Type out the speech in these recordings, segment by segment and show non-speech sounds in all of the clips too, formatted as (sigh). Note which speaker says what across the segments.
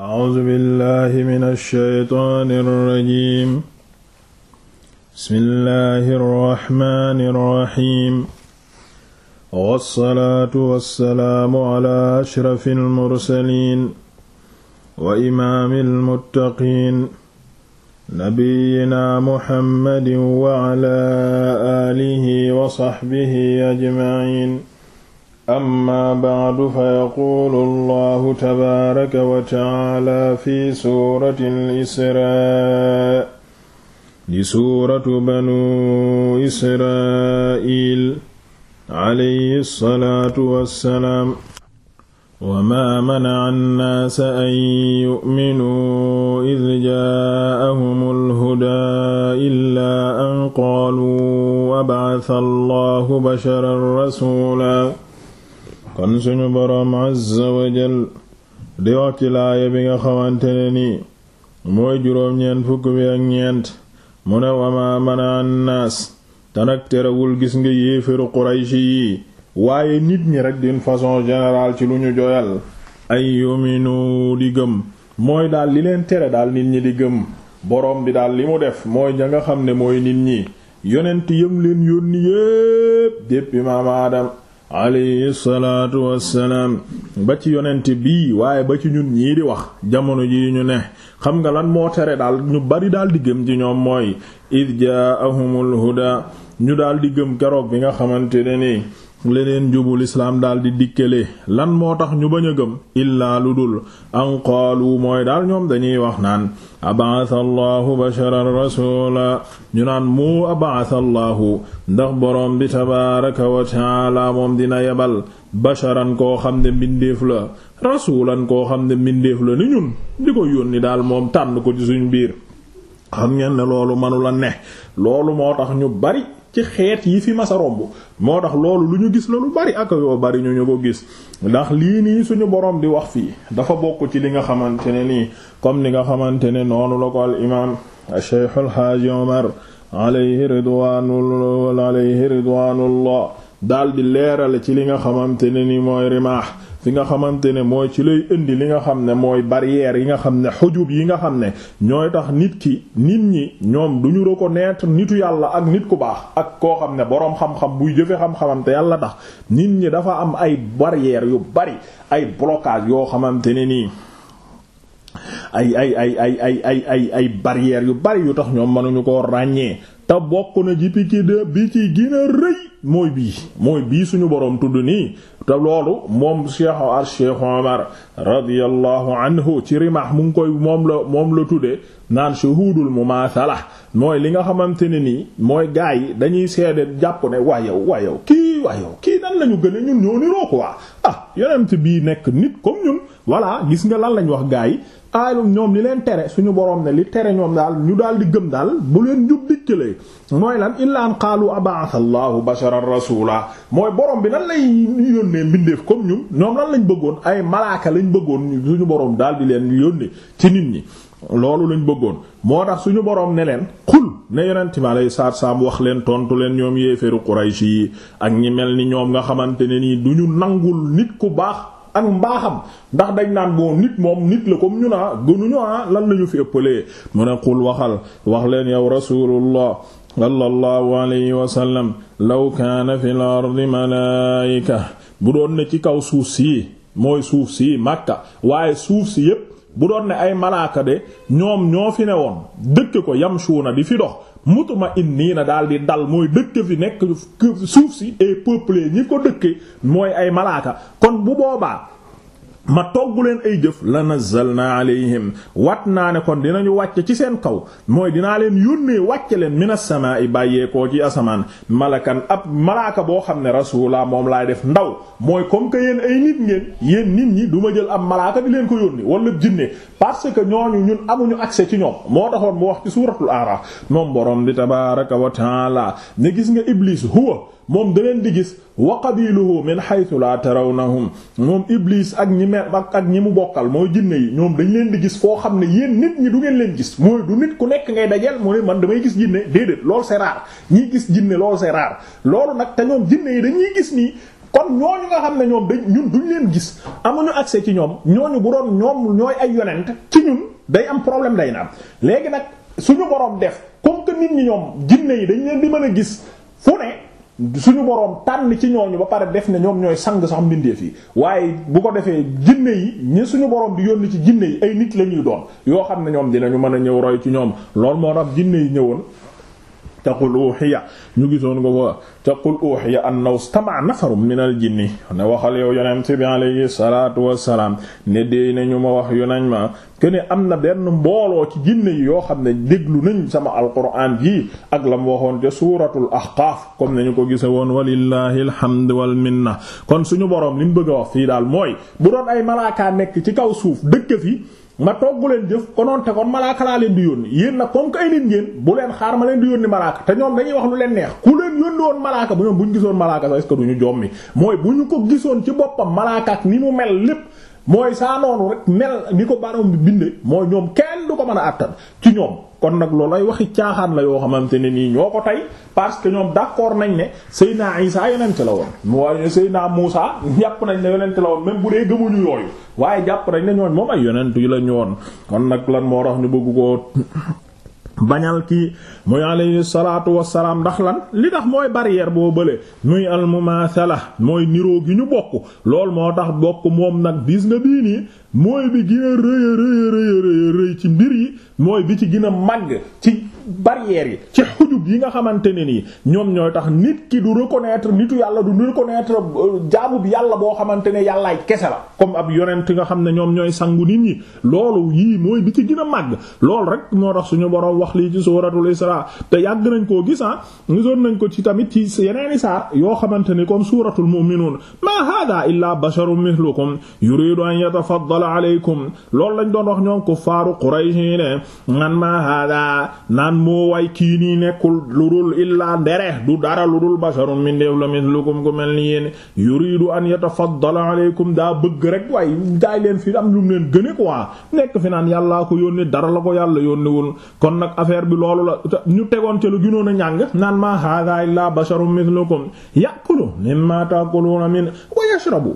Speaker 1: A'uuzu billahi mina shaytaani rajiim. Bismillahi rahmaani rahiim. Wassalaatu wassalaamu ala ashrafil mursaliin. wa imaamil muttaqiin. nabiyyinaa Muhammadin wa ala aalihi wa sahbihi ajma'iin. amma bacdu fa yaquulu allahu tabaaraka wa tacaala fi suurati al-israa di suuratu banu israa'iil calayhi salaatu wassalaam wama manaca annaasa an yu'minuu id jaa'ahum alhudaa illaa an qaaluu abcasa allahu basharan rasuula kon suñu boroom azza wa di wax ci laaya bi nga xamante ne nii mooy juróom-ñeent fukk bi ak ñeent mu ne wamaa mana annaas tanak terewul gis nga yéeféru qurayshi yi waaye nit ñi rek d'une façon générale ci lu ñu joyal ay yuminu di gëm mooy daal li leen tere daal nit ñi di gëm boroom bi daal li mu def mooy ja nga xam ne mooy nit ñi yonent yëm leen yónni yépp dépp imaam aadam alayhi salaatu wassalaam ba ci yonent bii waaye ba ci ñun ñii di wax jamono jii ñu ne xam nga lan moo tere daal ñu bari daal di gëm ci ñoom mooy id jaahumul huda ñu daal di gëm keroog bi nga xamante ne nii leneen njubul lislaam daal di dikkale lan moo tax ñu bañ a gëm illaa lu dul an qaalu mooy daal ñoom dañuy wax naan abaata allahu basharan rasula ñu naan mu abaata ndax boroom bi tabaaraka wa taala moom dina yebal basharan koo xam ne mbindeef la rasulan koo xam ne mbindeef la ni ñun di ko yónni daal moom tànn ko ci suñ biir xam ngeen ne loolu mënu la ne loolu moo tax ñu bari ci xeet yi fi masa romb moo tax loolu lu ñu gis la lu bari ak yoo bari ñu ñu ko gis ndax lii nii suñu borom di wax fii dafa bokk ci li nga xamante ne nii comme li nga xamante ne noonu la ko al imaam Cheikh al Haaji Omar alayhi ridwaanullah alayhi ridwaanullah daal di leerale ci li nga xamante ne ni mooy rimaax fi nga xamante ne mooy ci lay indi li nga xam ne mooy barrière yi nga xam ne xujub yi nga xam ne ñooy tax nit ki nit ñi ñoom du ñu reconnaître nitu yàlla ak nit ku baax ak koo xam ne boroom xam-xam buy jëfe xam-xamam te yàlla tax nit ñi dafa am ay barrière yu bari ay blocage yoo xamante ne nii ay ay ay ay ay ay ay ay barrières yu bari yu tax ñoom mënuñu koo ràññee te bokk na ji ci de bi ci gën a rëy mooy bii mooy bii suñu boroom tudd nii te loolu moom cheikh ar cheikh omar radiyallahu anhu ci rimah mu ngi koy moom la moom la tuddee naan shuhudul mumathala mooy li nga xamante ne nii mooy gaa yi dañuy seede jàpp ne wayow wayow kii wayow kii nan lañu gën a ñun ñoo niroo quoi ah yonent bii nekk nit comme ñun voilà gis nga lan lañ wax gaa yi aayum ah, ñoom li leen tere suñu borom ne li tere ñoom daal ñu daal di gëm daal bu leen jub dikkalee mooy lan illa an qaalu aba'atha allahu basharan rasula mooy borom bi nan lay yónnee mbindeef comme ñun ñoom lan lañ bëggoon ay malaaka lañ bëggoon suñu boroom daal di leen yónnee ci nit ñi loolu lañ bëggoon moo tax suñu borom ne leen xul ne yonent mi alayhi salaatu salaam wax leen tontu leen ñoom yéeféru Quraysh yi ak ñi mel ni ñoom nga xamante ne nii du ñu nangul nit ku baax ak mbaaxam ndax dañ naan boo nit moom nit la comme ñu naa ah, gënuñu a ah, lan la ñu fi ëppalee mu ne xul waxal wax leen yow rasulullah sallallahu alayhi wa sallam law kaana fil ardi malaayika bu doon ne ci kaw suuf si mooy suuf si Makka waaye suuf si yépp bu doon ne ay malaaka de ñoom ñoo fi ne woon dëkk ko yam yamshuuna di fi dox ma mutuma inniina daal di dal mooy dëkk fi nekk suuf si et peuple ñi ko dëkke mooy ay malaaka kon bu boobaa ma togg leen ay jëf la nazzalna alayhim wat naa ne kon dinañu wàcce ci seen kaw mooy dinaa leen yónnee wàcce leen minas samaa'i bàyyeekoo ci asamaan malakan ab malaaka boo xam ne rasuulaa moom laay def ndaw mooy comme que yéen ay nit ngeen yéen nit ñi duma jël ab malaaka di leen ko yónnee walla jinne parce que ñooñu ñun amuñu accès ci ñoom moo taxoon mu wax ci suuratul aaraaf moom borom bi tabaaraka wa ta'aala ne gis nga iblis huwa moom da leen di gis wa qabiluhu min haythu la tarawnahum moom iblis ak ñi mel ak ak ñi mu bokkal moo jinne yi ñoom dañ leen di gis foo xam ne yéen nit ñi du ngeen leen gis mooy du nit ku nekk ngay dajeel mu ne man damay gis jinne déedéet loolu c'est rare ñi gis jinne loolu c'est loolu nag te ñoom yi dañuy gis nii kon ñooñu nga xam ne ñoom dañ ñun duñ leen gis amuñu accès ci ñoom ñooñu bu doon ñoom ñooy ay yonent ci ñun day am problème day na léegi nag suñu boroom def comme que nit ñi ñoom jinne yi dañ leen di mën a gis fu ne suñu boroom tànn ci ñooñu ba pare def na ñoom ñooy sang sax mbindeef yi waaye bu ko defee jinne yi ñi suñu boroom di yónni ci jinne yi ay nit la ñuy doon yoo xam ne ñoom dinañu mën a ñëw roy ci ñoom loolu moo tax jinne yi ñëwoon te qul ñu gisoon nga ko te qul uhiya annahu istama'a nafarun minal jinni ne waxal yow yonent bi alayhi salaatu wassalaam ne déy na ñu ma wax yu nañ ma kene am na benn mbooloo ci jinne yi yoo xam ne déglu nañ sama alquran ji ak lam waxoon te suuratul ahqaaf comme nañu ko gisa woon walillahi alhamdu wal minna kon suñu boroom li mu bëgg a wax fii daal mooy bu doon ay malaakaa nekk ci kaw suuf dëkk fi ma togg leen jëf konoon te kon malaaka laa leen di yónni yéen nag comme que ay nit bu leen xaar ma leen di yónni malaaka te ñoom dañuy wax lu leen neex ku leen yónni woon malaaka bu ñoom bu ñu gisoon malaaka sax est du ñu jommi mooy bu ñu ko gisoon ci boppam malaaka ni mu mel lépp mooy saa noonu rek mel ni ko baroom bi bindee mooy ñoom kenn du ko mën a àttan ci ñoom kon nag loolu ay waxi caaxaan la yoo xamante ne nii ñoo ko tey parce que ñoom d'accord nañ ne Seyna Isa si la woon mooy naa Muusa jàpp nañ ne yonent la woon même bu dee gëmuñu yooyu waaye jàpp nañ ne ñooñ moom ay yonent yi la ñu woon kon nag lan moo tax ñu bëgg ko bañal ki muy alayhi salaatu wassalaam ndax lan li tax mooy barrière boo bële muy almumaasala mooy niroo gi ñu bokk lool moo tax bokk moom nag biis nga bii nii mooy bi gën a rëy a rëy a rëy a rëy ci mbir yi mooy bi ci gën a màgg ci barrières yi ci xujub yi nga xamante ne nii ñoom ñooy tax nit ki du reconnaître nitu yàlla du reconnaître euh, jaabub yàlla boo xamante ne yàllaay kese la comme ab yonent nga xam ne ñoom ñooy sangu nit ñi loolu yii mooy bi ci gën a màgg loolu rek moo tax suñu boroom wax lii ci suuratul Isra te yàgg nañ koo gis ah gisoon nañ ko ci tamit ci yeneeni saar yoo xamante ni comme suuratul mu'minuun maa haadaa illaa basharun mithlukum yuriidu an yatafaddala alaykum loolu lañ doon wax ñoom kuffaaru Quraysh ne man maa haadaa moo way kii nii nekkul lu dul illaa ndere du dara lu dul basharun mindeef la mislukum ku mel ni yéen yuridu an yatafaddala aleykum daa bëgg rek waaye daay leen fi am lu mu leen gëne quoi nekk fi naan yàllaa ko yónni dara la ko yàlla yónniwul kon nag affaire bi loolu la ñu tegoon ca lu gënoon a ñàng naan maa haadaa illaa basharun mislukum ya'kulu mimmaa ta'kuluuna maa wa yashrabu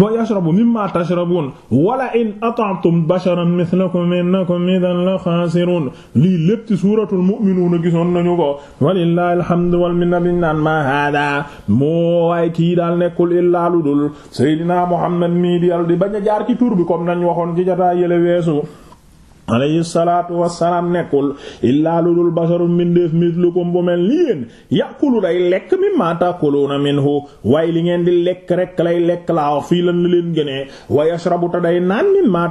Speaker 1: wa yashrabu mimmaa tashrabuun wala in ata'tum basharan mislakum innakum idan la mu'minuun lii lépp ci suuratul mu'minuun gisoon nañu ko walillahi alhamdu wal minna biñ naan ma moo waaye kii daal nekkul illaa lu dul seydinaa muhammad mii di yàlla di bañ a jaar ci tur bi comme nañ waxoon ci jataa yële weesu alayhi salaatu wassalaam nekkul illaa lu dul basharum mbindeef mislukum bu mel ni yéen yàqulu day lekk mimmaa taakuluuna minhu waaye li ngeen di lekk rek lay lekk laa wax fii lan leen gënee wa yashrabu te day naan mimmaa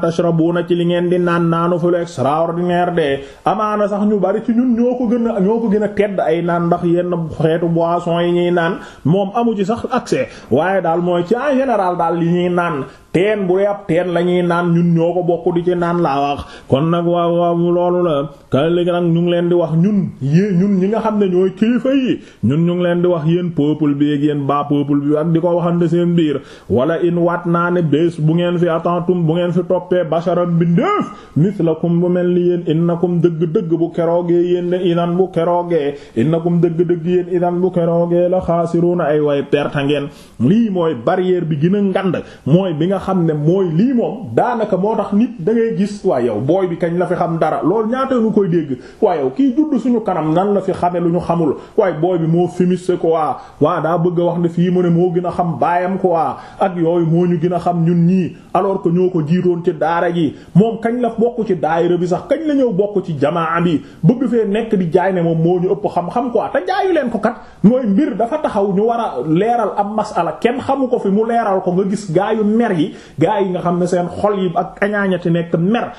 Speaker 1: na ci li ngeen di naan naanu fi lu extraordinaire de amaana sax ñu bari ci ñun ñoo ko gën a ñoo ko gën a tedd ay naan ndax yenn xeetu boisson yi ñuy naan moom amu ci sax accès waaye daal mooy ci en général daal li ñuy naan teen bu dee la ñuy naan ñun bokk di ci naan laa kon nag waaw waaw loolu la ka ñu ngi leen di wax ñun yéen ñun ñi nga xam ne ñooy kilifa yi ñun ñu ngi leen di wax yéen peuple bi ak yéen baa bi ak di ko waxande seen biir wala in naa ne bés bu ngeen fi atantum bu ngeen fi toppee basharam bindéef mislakum bu mel ni yéen innakum dëgg-dëgg bu keroogee yéen ne idan bu keroogee innakum dëgg-dëgg yéen idan bu keroogee la xaasiruuna ay way ngeen lii mooy barrière bi gën ngand mooy bi nga xam ne mooy lii moom daanaka moo tax nit da gis waa booy gi kañ la fi xam dara loolu ñaata ñu koy dégg waaye kii judd suñu kanam nan la fi xame lu ñu xamul waaye booy bi moo féministe quoi waa daa bëgg wax ne fii mu ne moo gën a xam baayam quoi ak yooyu moo ñu gën a xam ñun ñii alors que ñoo ko jiitoon ci daara ji moom kañ la bokk ci daayira bi sax kañ la ñëw bokk ci jamaa bi bëgg fee nekk di jaay ne moom moo ñu ëpp xam-xam quoi te jaayu leen ko kat mooy mbir dafa taxaw ñu war a leeral am masala kenn xamu ko fi mu leeral ko nga gis gaayu mer yi gaa yi nga xam ne seen xol yi ak añaañati nekk mer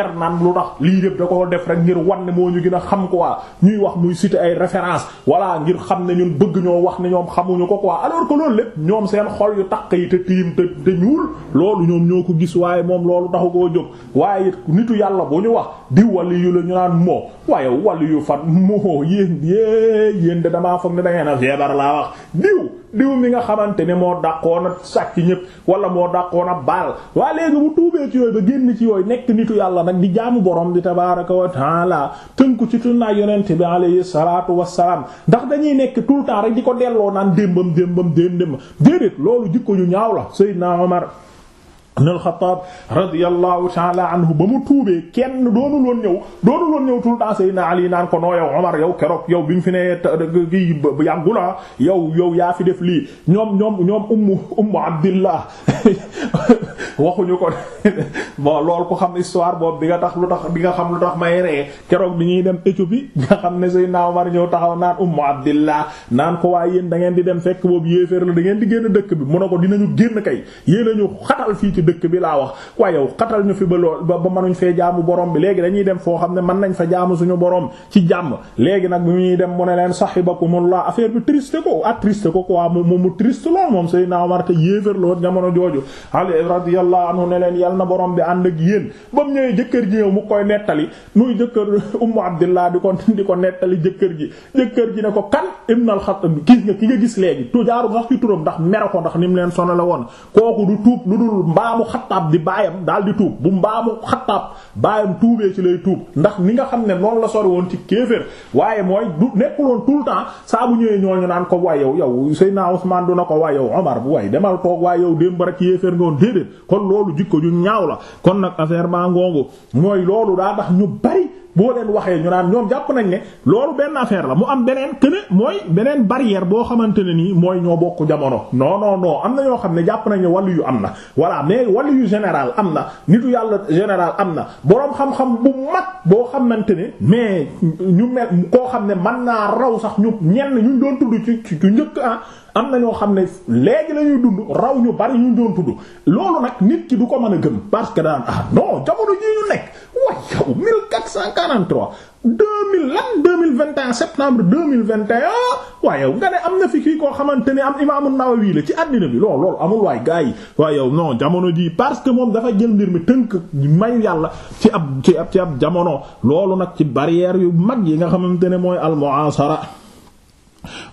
Speaker 1: mer naan lu tax lii lépp da koo def rek ngir wan ne moo ñu gën xam ko quoi ñuy wax muy citer ay référence voilà ngir xam ne ñun bëgg ñoo wax ne ñoom xamuñu ko quoi alors que loolu lépp ñoom seen xol yu taq yi te tiim te te ñuul loolu ñoom ñoo ko gis waaye moom loolu taxu koo jóg waaye nitu yàlla bu ñu wax di wali yu la ñu naan moo waaye wali yu fan moo yéen yéen yéen de damaa foog ne da a feebar laa wax diw diw mi nga xamante ne moo dàqoon a sàcc ñëpp wala moo dàqoon a baal waa léegi mu tuubee ci yooyu ba génn ci yooyu nekk nitu yàlla nag di jaamu borom di tabaaraka wa taala tënku ci tunnaay yonent bi alayhi salaatu wassalaam ndax dañuy nekk tout le temps rek di ko delloo naan démbam démbam démbam déedéet loolu jikko ñu ñaaw la Seydina Omar ibn al-Xattaab radiyallahu ta'ala anhu ba mu tuubee kenn doonul woon ñëw doonul woon ñëw tout le temps Seydina Ali naan ko noo yow Omar yow keroog yow bi ñu fi nee kii yàggu la yow yow yaa fi def lii ñoom ñoom ñoom ummu ummu Abdillah (laughs) waxuñu ko bon loolu ko xam histoire boobu bi nga tax lu tax bi nga xam lu tax may ree keroog bi ñuy dem Éthiopie (laughs) nga xam ne Seydina Omar ñëw taxaw naan ummu Abdillah naan ko waaye yéen da ngeen di dem fekk boobu yéeféer la da ngeen di génn dëkk bi mu ne ko dinañu génn kay yéen ñu xatal fii ci dëkk bi laa wax waaye yow xatal ñu fi ba lool ba mënuñ fee jaamu borom bi léegi dañuy dem foo xam ne mën nañ fa jaamu suñu borom ci jàmm léegi nag bu ñuy dem mu ne leen sahibakumullah affaire bi triste ko attriste ah, ko quoi mu mu triste lool moom Seydina Omar te yéefér lool jamono jooju ali radiyallahu anhu ne yal na borom bi ànd ak yéen ba mu ñëwee jëkkër ji yow mu koy nettali nuy jëkkër (laughs) ummu abdillah di ko ko nettali jëkkër ji jëkkër ji ne ko kan ibn al-Khattab gis nga ki nga gis léegi tu jaaru sax ndax mere ko ndax ni mu leen sonal woon kooku du tuub lu dul mbaa mbaamu xattaab di baayam daal di tuub bu mbaamu xattaab baayam tuubee ci lay tuub ndax ni nga xam ne noonu la sori woon ci kéeféer waaye mooy du nekkuloon tout le temps saa bu ñëwee ñooñu naan ko waay yow yow Seydina Usmaan du na ko waay yow Omar bu waay demal toog waay yow démb rek yéeféer nga woon déedéet kon loolu jikko ju ñaaw la kon nag affaire baa ngoongu mooy loolu daa tax ñu bari boo leen waxee ñu naan ñoom jàpp nañ ne loolu benn affaire la mu am beneen que ne mooy beneen barrière boo xamante ne nii mooy ñoo bokk jamono non non non am na ñoo xam ne jàpp nañ ne yu am na voilà mais wàllu yu général am na nitu yàlla général am na boroom xam boo xamante ne mais ñu mel koo xam ne man naa raw sax ñu ñenn ñu doon tudd ci ci njëkk ah am na ñoo xam ne léegi la ñuy dund raw ñu bari ñu doon tudd loolu nag nit ki du ko mën a gën parce que daan ah non jamono ji ñu nekk yow 1443 2000 lan 2021 septembre 2021 waaye yow nga ne am na fi kii koo xamante ne am Imaam An-Nawawi la ci àddina bi lool lool amul waay gars yi waaye yow non jamono ji parce que moom dafa jël mbir mi tënk mayu yàlla ci ab ci ab ci ab jamono loolu nag ci barrière yu mag yi nga xamante ne mooy al-mu'asara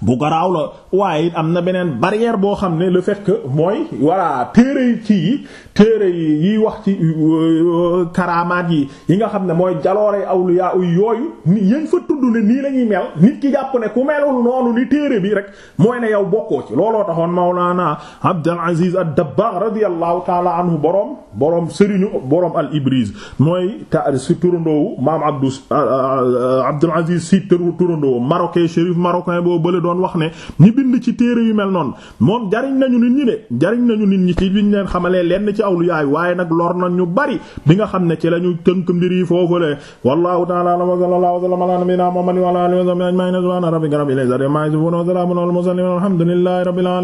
Speaker 1: bu garaaw la waaye it am na beneen barrière boo xam ne le fekk mooy voilà téere yi ci yi téere yi yiy wax ci euh, euh, karaamaat yi yi nga xam ne mooy jaloore awliya yooyu yéen fa tudd ne nii la ñuy mel nit ki jàpp ne ku melul noonu ni téere bi rek mooy ne yow bokkoo ci looloo taxoon Mawlana Abdul Aziz ad-Dabbagh radiyallahu ta'ala anhu boroom boroom sëriñu boroom al Ibriz mooy ta si turandoowu maam Abdou euh, Abdul Aziz si turandoowu marocain chérif marocain boo bële doon wax ne ñi bind ci téere yu mel noonu moom jariñ nañu nit ñi de jariñ nañu nit ñi ci biñ leen xamalee lenn ci awliyaay waaye nag lor na ñu bari bi nga xam ne ci la ñu tënk mbir yi foofu le wallahu ta'ala a'lam wa sallallahu wa sallama ala nabiyyina muhammadin wa ala alihi wa sahbihi ajma'in subhana rabbika rabbil izzati amma yasifun wa salamun alal mursalin walhamdulillahi rabbil alamin